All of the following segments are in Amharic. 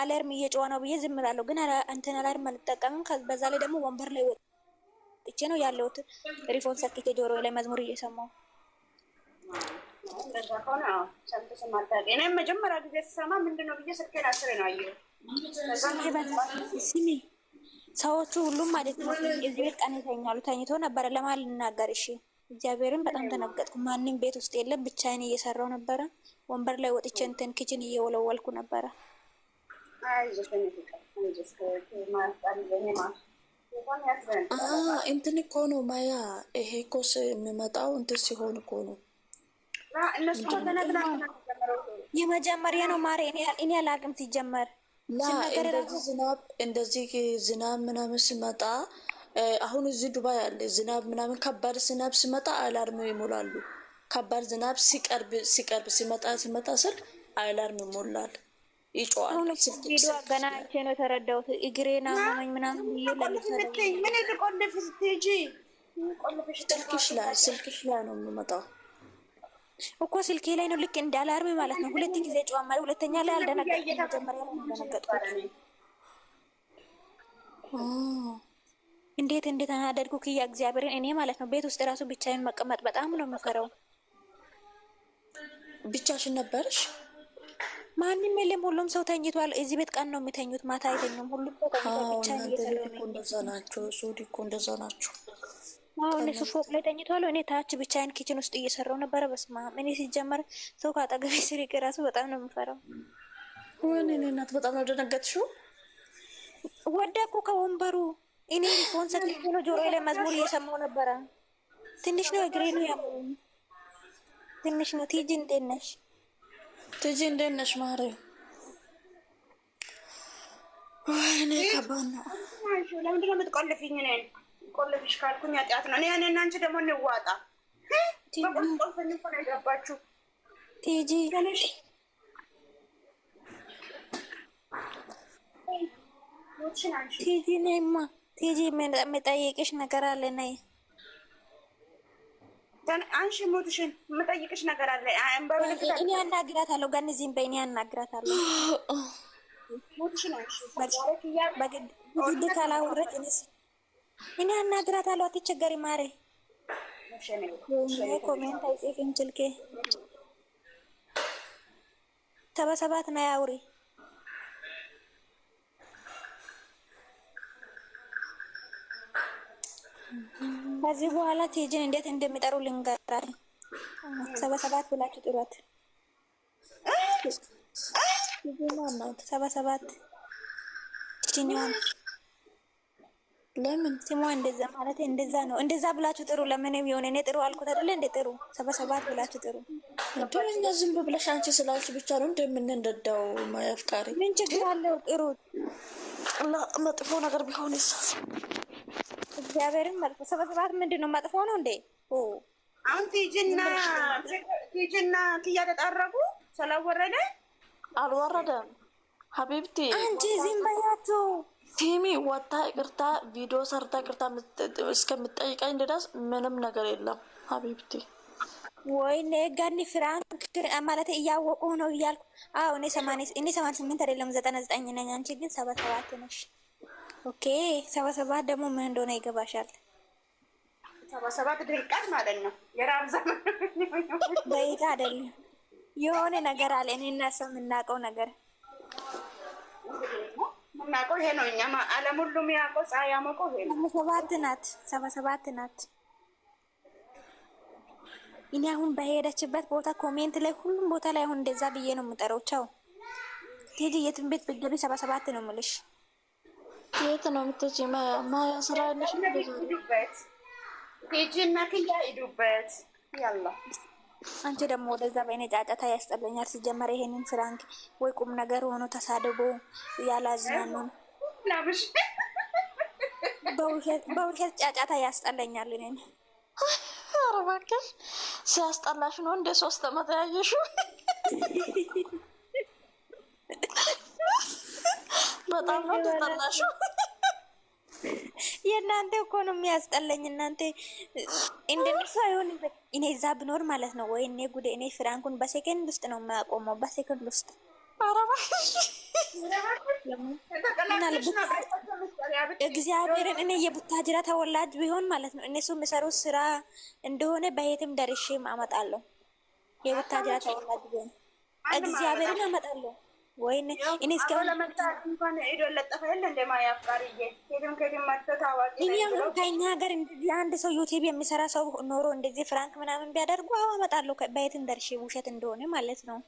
አለርም እየጨዋ ነው ብዬ ዝም እላለሁ፣ ግን እንትን አለርም አልጠቀምም። በዛ ላይ ደግሞ ወንበር ላይ ወጥቼ ነው ያለሁት። ሪፎን ሰክቼ ጆሮ ላይ መዝሙር እየሰማሁ መጀመሪያ ጊዜ ስሰማ ምንድን ነው ብዬ ስልኬን አስሬ ነው አየሁት። ስሚ ሰዎቹ ሁሉም ማለት ነው እዚህ ቤት ቀን ይተኛሉ። ተኝቶ ነበረ ለማን ልናገር? እሺ እግዚአብሔርን በጣም ተነገጥኩ። ማንም ቤት ውስጥ የለም፣ ብቻዬን እየሰራው ነበረ። ወንበር ላይ ወጥቼ እንትን ኪችን እየወለወልኩ ነበረ። እንትን እኮ ነው ማያ፣ ይሄ እኮ የሚመጣው እንትን ሲሆን እኮ ነው። የመጀመሪያ ነው ማሬ እኔ አላቅም ሲጀመር ዝናብ እንደዚህ ዝናብ ምናምን ሲመጣ አሁን እዚህ ዱባይ አለ ዝናብ ምናምን ከባድ ዝናብ ሲመጣ አላርም ይሞላሉ። ከባድ ዝናብ ሲቀርብ ሲቀርብ ሲመጣ ሲመጣ ስል አላርም ይሞላል። ይጮዋል። ነው የተረዳሁት። ምናምን ስልክሽ ላይ ነው እኮ ስልኬ ላይ ነው። ልክ እንዳላርም ማለት ነው። ሁለት ጊዜ ጨዋ ማለት ሁለተኛ ላይ እንዴት ክያ እግዚአብሔርን እኔ ማለት ነው። ቤት ውስጥ ራሱ ብቻዬን መቀመጥ በጣም ነው የምፈራው። ብቻሽን ነበርሽ? ማንም የለም። ሁሉም ሰው ተኝቷል። እዚህ ቤት ቀን ነው የሚተኙት፣ ማታ አይተኙም። ሁሉም ሰው ተኝቷል። እነሱ ፎቅ ላይ ተኝቷል። እኔ ታች ብቻዬን ኪችን ውስጥ እየሰራው ነበረ። በስማ እኔ ሲጀመር ሰው ከአጠገቤ ስሪቅ ራሱ በጣም ነው የምፈራው። ወይኔ እናት በጣም ነው ደነገጥሽው። ወደኩ ከወንበሩ እኔ ሪፎን ሰት ሆኖ ጆሮ ላይ መዝሙር እየሰማው ነበረ። ትንሽ ነው እግሬ ነው ያመኝ። ትንሽ ነው። ቲጂ እንዴት ነሽ? تجي ندنش ماري ወይኔ ከባድ ነው። ለምንድነው የምትቆልፊኝ? እኔን ቆልፊሽ ካልኩኝ ኃጢአት ነው። እኔ እና አንቺ ደግሞ እንዋጣ። ቆልፈኝ እኮ ነው የገባችሁ። ቲጂ ቲጂ፣ እኔማ ቲጂ የምጠይቅሽ ነገር አለ ነይ አንሺ ሞትሽን የምጠይቅሽ ነገር አለ። እኔ አናግራታለሁ። ገንዚህም በእኔ አናግራታለሁ። ግድ ካላወራች እኔ አናግራታለሁ። አትቸገሪ ማሬ። ኮሜንት አይጽፍም ስልኬ። ተበሰባት ነይ አውሪ ከዚህ በኋላ ቴጅን እንዴት እንደሚጠሩ ልንገራል። ሰባሰባት ብላችሁ ጥሯት። ሰባሰባት ለምን ስሟ እንደዛ ማለት እንደዛ ነው። እንደዛ ብላችሁ ጥሩ። ለምንም የሆነ እኔ ጥሩ አልኩት አይደለ? እንደ ጥሩ ሰባሰባት ብላችሁ ጥሩ። እንደኛ ዝም ብለሽ አንቺ ስላልሽ ብቻ ነው እንደምንንደዳው ማያፍቃሪ ምን ችግር አለው? ጥሩ መጥፎ ነገር ቢሆን ይሳል እግዚአብሔርን ማለት ነው። ሰበሰባት ምንድን ነው መጥፎ ነው እንዴ? አሁን ቲጅና ቲጅና ኪያ ተጣረቁ ስላልወረደ አልወረደም። ሀቢብቲ አንቺ ዝም በያችሁ። ቲሚ ወታ ይቅርታ ቪዲዮ ሰርታ ይቅርታ እስከምጠይቀኝ ድረስ ምንም ነገር የለም ሀቢብቲ። ወይኔ ገኒ ፍራንክ ማለት እያወቁ ነው እያልኩ አሁ እኔ ሰማንያ ስምንት አይደለም ዘጠና ዘጠኝ ነኝ። አንቺ ግን ሰባ ሰባት ነሽ። ኦኬ ሰባ ሰባት ደግሞ ምን እንደሆነ ይገባሻል። ሰባ ሰባት ድርቀት ማለት ነው። የራብ ዘመን በይታ አይደለም። የሆነ ነገር አለ። እኔ እና ሰው የምናውቀው ነገር የምናውቀው ይሄ ነው። እኛ አለም ሁሉ የሚያውቀው ፀሐይ ያሞቀው ይሄ ነው። ሰባት ናት። ሰባ ሰባት ናት። እኔ አሁን በሄደችበት ቦታ ኮሜንት ላይ ሁሉም ቦታ ላይ አሁን እንደዛ ብዬ ነው የምጠረው። ቻው ቴዲ የትም ቤት ብትገቢ ሰባ ሰባት ነው የምልሽ። የት ነው የምትሄጂ? ማያ ስራ ያለሽ ሂዱበት፣ ሂጂ እና ሂዱበት። ያላ አንቺ ደግሞ ወደዛ በእኔ ጫጫታ ያስጠለኛል ሲጀመር ይሄንን ፍራንክ ወይ ቁም ነገር ሆኖ ተሳድቦ ያላዝናኑ ናብሽ በውሸት ጫጫታ ያስጠላኛል። እኔን ኧረ ሲያስጠላሽ ነው እንደ ሶስት አመት ያየሽው በጣም ነው ተጠላሽው። የእናንተ እኮ ነው የሚያስጠላኝ። እናንተ እንደነሱ አይሆንም። እኔ እዛ ብኖር ማለት ነው ወይ እኔ ጉዴ! እኔ ፍራንኩን በሴከንድ ውስጥ ነው የማያቆመው፣ በሴከንድ ውስጥ እግዚአብሔርን እኔ የቡታጅራ ተወላጅ ቢሆን ማለት ነው እነሱ የሚሰሩ ስራ እንደሆነ በየትም ደርሼም አመጣለሁ። የቡታጅራ ተወላጅ ቢሆን እግዚአብሔርን አመጣለሁ። ወይኔ እኔ እስካሁን ለመታት እንኳን ሄዶ ለጠፈ የለ እንደ ማያ አፍቃሪ እየ ሄድም ከሄድም መጥቶ ታዋቂ እኔ አሁን ከኛ ሀገር እንደዚህ አንድ ሰው ዩቲብ የሚሰራ ሰው ኖሮ እንደዚህ ፍራንክ ምናምን ቢያደርጉ አሁ አመጣለሁ። በየትን ደርሼ ውሸት እንደሆነ ማለት ነው።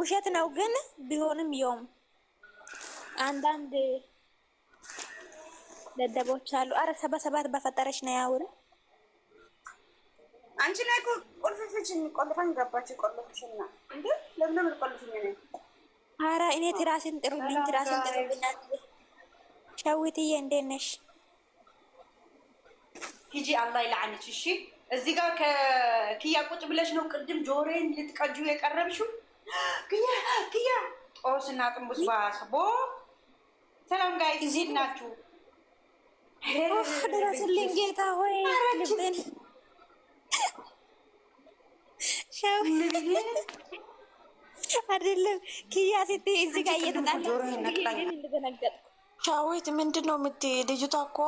ውሸት ነው ግን ቢሆንም የውም አንዳንድ ደደቦች አሉ። አረ ሰባ ሰባት በፈጠረች ነው ያውረ አንቺ ላይ ቆልፈች ቆልፋኝ ገባች። ቆልፍሽና እንዴ ለምን ቆልፍኝ ነ አራ እኔ ትራስን ጥሩልኝ፣ ትራስን ጥሩልኝ። ሸዊትዬ እንዴት ነሽ? ሂጂ አላህ ይላንች። እሺ እዚህ ጋር ከክያ ቁጭ ብለሽ ነው ቅድም ጆሮዬን ልትቀጁ የቀረብሽው። ክያ ክያ ጦስና ጥንቡስ ባስቦ ሰላም ጋይ እዚህ ናችሁ። ደረስልኝ ጌታ ሆይ ልቤን አይደለም ኪያ ሴት እዚህ ጋር እየተጣላደነገጥኩ ምንድን ነው የምት ልጅቷ እኮ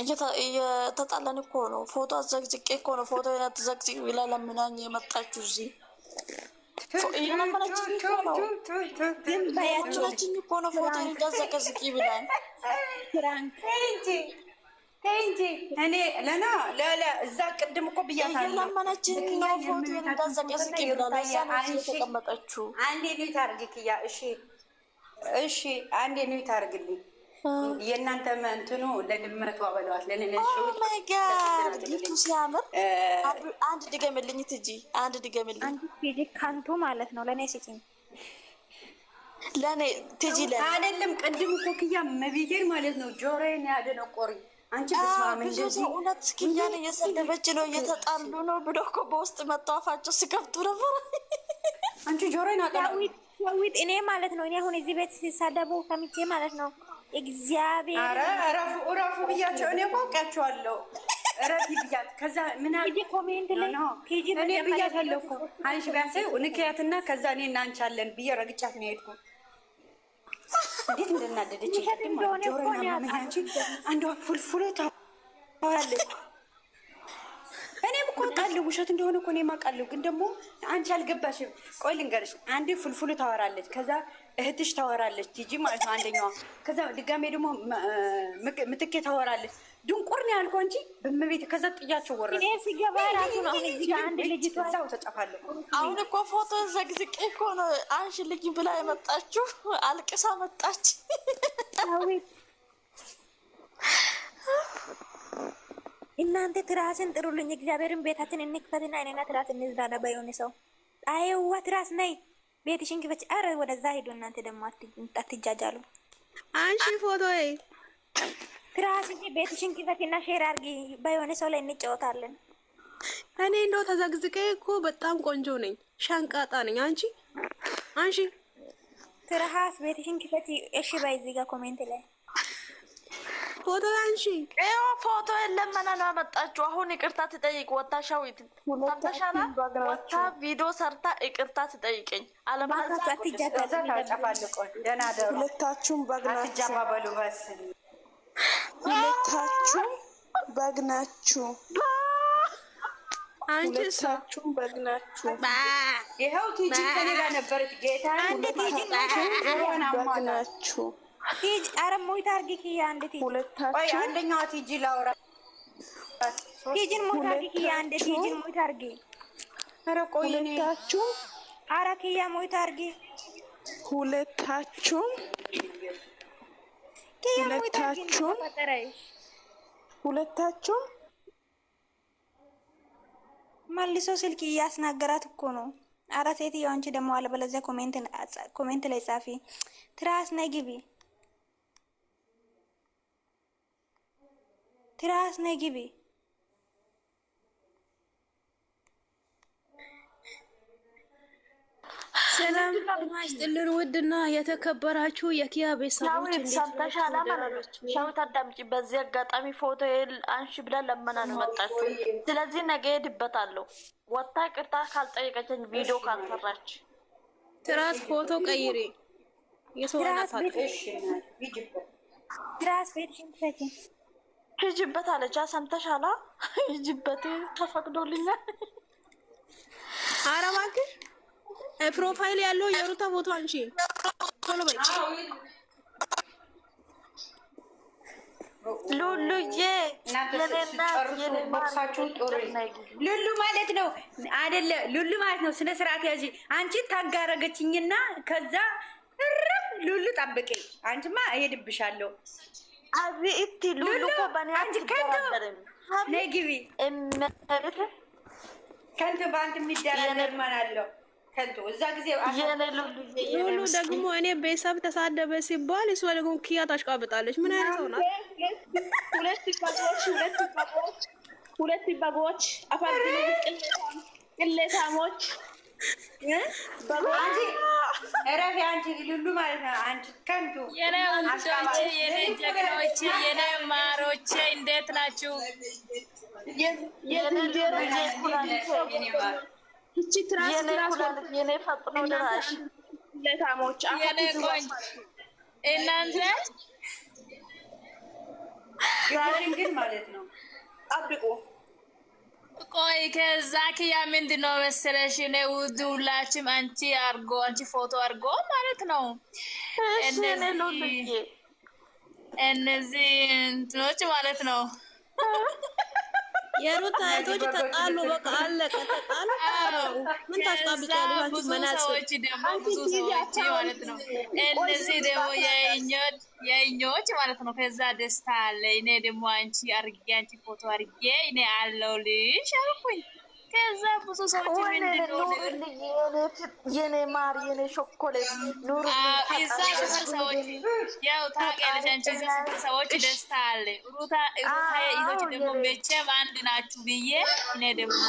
እየተጣለን እኮ ነው። ፎቶ አዘግዝቄ እኮ ነው ፎቶ ነት ዘግዝቅ ብላ ለምናኝ የመጣችሁ እዚህ እየመናችኝ እኮ ነው ፎቶ እንዳዘገዝቂ ብላል እንጂ እኔ ለና ለለ እዛ ቅድም እኮ ብያታለሁ። አንዴ አርግ ክያ እሺ፣ እሺ፣ አንዴ አርግልኝ። የእናንተ ለድመቱ አበለዋት ሲያምር አንድ ድገምልኝ፣ ትጂ አንድ ድገምልኝ። አንድ ማለት ነው ለእኔ ለእኔ ትጂ ለ አይደለም። ቅድም እኮ ክያ መቤቴን ማለት ነው ጆሮዬን ያደነቆሪ አንቺ ብዙ ሰው እውነት እስኪኛን እየሰደበች ነው፣ እየተጣሉ ነው ብሎ እኮ በውስጥ መጣፋቸው ሲከፍቱ ነበር። አንቺ ጆሮ ዳዊት፣ እኔ ማለት ነው እኔ አሁን እዚህ ቤት ሲሳደቡ ከምቼ ማለት ነው እግዚአብሔር ረፉ ረፉ ብያቸው እኔ ቋቂያቸዋለሁ ረፊ ብያት ከዛ ምናምን ኮሜንት ላይ እኔ ብያት አለኩ አንሽ ቢያንስ ንክያትና ከዛ እኔ እናንቻለን ብዬ ረግጫት ነው የሄድኩት እንዴት እንደናደደች ቅድም ጆሮና ማመኛንቺ አንዷ ፉልፉሎ ታዋለች። እኔም እኮ ቃለሁ ውሸት እንደሆነ እኮ እኔም አውቃለሁ። ግን ደግሞ አንቺ አልገባሽም። ቆይ ልንገርሽ፣ አንዴ ታወራለች፣ ከዛ እህትሽ ታወራለች፣ ቲጂ ማለት ነው አንደኛዋ። ከዛ ድጋሜ ደግሞ ምትኬ ታወራለች። ድንቁርን ያልከው እንጂ በመቤት ከዛ ጥያቸው ወረ ሲገባ ራሱ ነው። አንድ ልጅ ተሳው ተጨፋለሁ። አሁን እኮ ፎቶ ዘግዝቅ እኮ ነው አንቺ ልጅ ብላ የመጣችሁ አልቅሳ መጣች። እናንተ ትራስን ጥሩልኝ፣ እግዚአብሔርን ቤታችን እንክፈትና እኔና ትራስ እንዝዳዳ። ባይሆን ሰው አይዋ ትራስ ነይ ቤትሽን ክፈች። አረ ወደዛ ሄዱ እናንተ ደግሞ አትጃጃሉ። አንሺ ፎቶ ግራስ ቤትሽን ክፈትና ሼር አድርጊ። በየሆነ ሰው ላይ እንጫወታለን። እኔ እንደው ተዘግዝቄ እኮ በጣም ቆንጆ ነኝ፣ ሻንቃጣ ነኝ። አንቺ አንቺ ትርሃስ ቤትሽን ክፈት እሺ። በይ እዚህ ጋር ኮሜንት ላይ ፎቶ አንቺ ኤው ፎቶ ለምን ነው አመጣችሁ? አሁን ይቅርታ ትጠይቅ ወታሻው ይተሻላ ወታ ቪዲዮ ሰርታ ይቅርታ ትጠይቀኝ። አለማዛት ትጃታ ዘታ ጫፋልቆ ደና ደሩ ሁለታችሁም በግናችሁ አትጃባበሉ በስ ሁለታችሁ በግ ናችሁ። ሁለታችሁ በግ ናችሁ። ይኸው ቲጂ ከኔ ጋር ነበረች። ጌታ በግ ናችሁ። አንድ ቲጂ ሁለታችሁ ቲጂ ላውራ ቲጂን አንድ ቲጂን ቆይ ሁለታችሁ ሁለታችሁም ሁለታችሁም መልሶ ስልክ እያስናገራት እኮ ነው። አረ ሴትዮ አንቺ ደግሞ አለበለዚያ ኮሜንት ላይ ጻፊ። ትራስ ነይ ግቢ፣ ትራስ ነይ ግቢ ሰላም ማስጥልን ውድና የተከበራችሁ የኪያ ቤተሰቦች ሰምተሻል ማለት ነው። አዳምጪ። በዚህ አጋጣሚ ፎቶ አንሺ ብለን ለመናን መጣችሁ። ስለዚህ ነገ ሄድበታለሁ። ወታ ቅርታ ካልጠየቀችኝ ቪዲዮ ካልሰራች ትራስ ፎቶ ቀይሪ። ሂጅበት አለች። ሰምተሻላ? ሂጅበት ተፈቅዶልኛል። አረባግር ፕሮፋይል ያለው የሩታ ፎቶ አንቺ ቶሎ በይ ሉሉዬ። ሉሉ ማለት ነው አይደለ? ሉሉ ማለት ነው። ስነ ስርዓት ያዥ። አንቺ ታጋረገችኝና ከዛ እረፍ ሉሉ ጠብቄ። አንቺማ እሄድብሻለሁ። አብ እቲ ሉሉ እኮ በእኔ ነይ ግቢ። ከንቱ በአንቺ የሚደራደር ማን አለው? ሉሉ ደግሞ እኔ ቤተሰብ ተሳደበ ሲባል እሷ ደግሞ ኪያ ታሽቃብጣለች። ምን አይነት ሰው ናት? ሁለት በጎች አፈር ቅሌታሞች አንቺ ሉሉ ማለት ነው። አንቺ ከንቱ የኔ የኔ ማሮቼ እንዴት ናችሁ? እቺ ትራስ ትራስ ለታሞች ቆይ ከዛ ክያ ምንድን ነው መሰለሽ እኔ ውድ ሁላችም አንቺ አርጎ አንቺ ፎቶ አርጎ ማለት ነው እነዚህ እንትኖች ማለት ነው የሩታ እህቶች ተጣሉ፣ በቃ አለቀ። ተጣሉ፣ ምን ታስታብቂያለሽ? ሰዎች ደግሞ ብዙ ሰዎች ማለት ነው። እነዚህ ደግሞ የእኞች ማለት ነው። ከዛ ደስታ አለ። እኔ ደግሞ አንቺ አርጌ አንቺ ፎቶ አርጌ እኔ አለሁልሽ አልኩኝ። ከዛ ብዙ ሰዎች ምንድነው የኔ ማር የኔ ሾኮሌት ኑሩ ሰዎች ያው ታውቂያለሽ፣ አንቺ እዚህ ስንት ሰዎች ደስታ አለ። ሩታ ይዞች ደግሞ መቼም አንድ ናችሁ ብዬ እኔ ደግሞ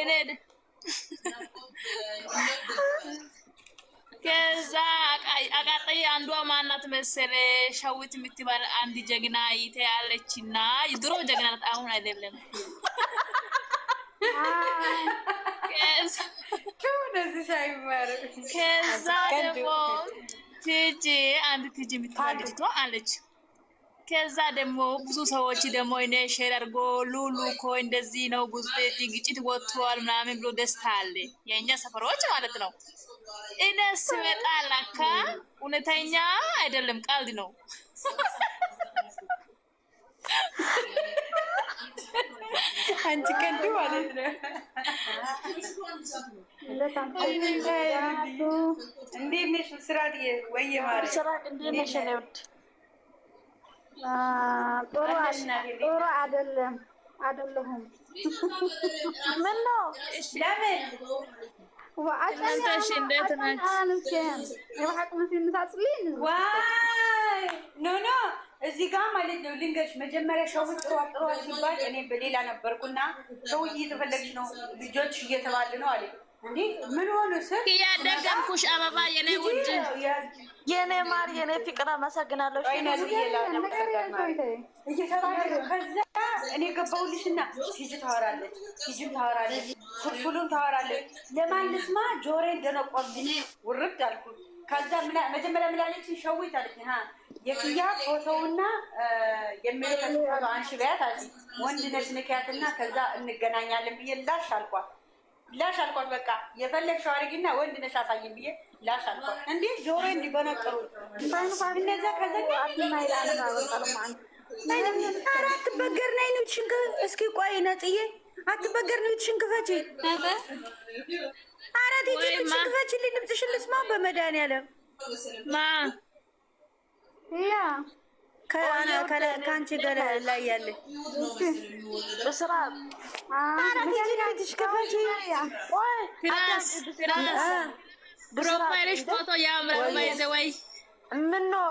እኔ ከዛ አቃጣይ አንዷ ማናት መሰለ ሸዊት የምትባል አንድ ጀግና ይተ ያለችና ድሮ ጀግና ናት፣ አሁን አይደለም ከዛ ደግሞ ትጂ አንድ ትጂ የምትባል ልጅቷ አለች። ከዛ ደግሞ ብዙ ሰዎች ደግሞ እኔ ሼር አድርጎ ሉሉ እኮ እንደዚህ ነው ብዙ ግጭት ወጥቷል ምናምን ብሎ ደስታ አለ። የእኛ ሰፈሮች ማለት ነው። እኔ ስመጣ ላካ እውነተኛ አይደለም ቀልድ ነው። هنتكلم على لا تنقل عندي مش مسرع دي وهي ماري مسرع عندي مش نود طروا طروا عدل عدل እዚህ ጋር ማለት ነው ልንገርሽ፣ መጀመሪያ ሰው ጥሩ ሲባል እኔ በሌላ ነበርኩና ሰው እየተፈለግሽ ነው ልጆች እየተባለ ነው አለ። እንዴ ምን ሆነ ስል እያደገምኩሽ አበባ፣ የኔ ውድ፣ የኔ ማር፣ የኔ ፍቅር፣ አመሰግናለሁ ከዛ እኔ ገባሁልሽና ሂጂ ታወራለች፣ ሂጂም ታወራለች፣ ፉልፉሉም ታወራለች። ለማን ልስማ? ጆሮዬን ደነቆብኝ፣ ውርድ አልኩ። ከዛ መጀመሪያ ምን አለችኝ? ሸዊት አለችኝ የክያ ፎቶውና የሚለቀቀው አንቺ ቢያት አዚ ወንድ ነሽ ንኪያትና ከዛ እንገናኛለን ብዬ ላሽ አልኳት። ላሽ አልኳት። በቃ የፈለግሽው አድርጊና ወንድ ነሽ አሳይም ብዬ ላሽ አልኳት። እንዴ ጆሮ እንዲበነጥሩ እነዛ ከዘኛ አትበገር ናይ ነው ትሽንክ እስኪ ቆይ ነጥዬ አትበገር ነው ትሽንክ ፈጪ አራት ይችላል ትሽንክ ፈጪ ልንብጥሽልስማ በመድኃኒዓለም ማ ከአንቺ ጋር ላይ ያለ ስራ ፕሮፋይልሽ ፎቶ ያምራል። ማይዘወይ ምነው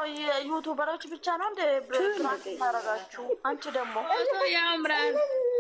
ዩቱበሮች ብቻ ነው እንደ ብራስ ታረጋችሁ? አንቺ ደግሞ ፎቶ ያምራል።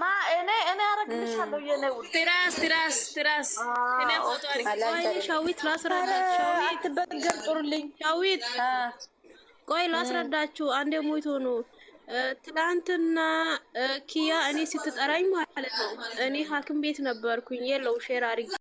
ማ እኔ እኔ አረግልሻለሁ የኔ ውድ ትራስ ትራስ ትራስ እኔ ፎቶ አርግ ሻዊት ጥሩልኝ ሻዊት ቆይ ላስረዳችሁ አንዴ ሞይቶ ነው ትላንትና ኪያ እኔ ስትጠራኝ ማለት ነው እኔ ሀክም ቤት ነበርኩኝ የለው ሼር አርግ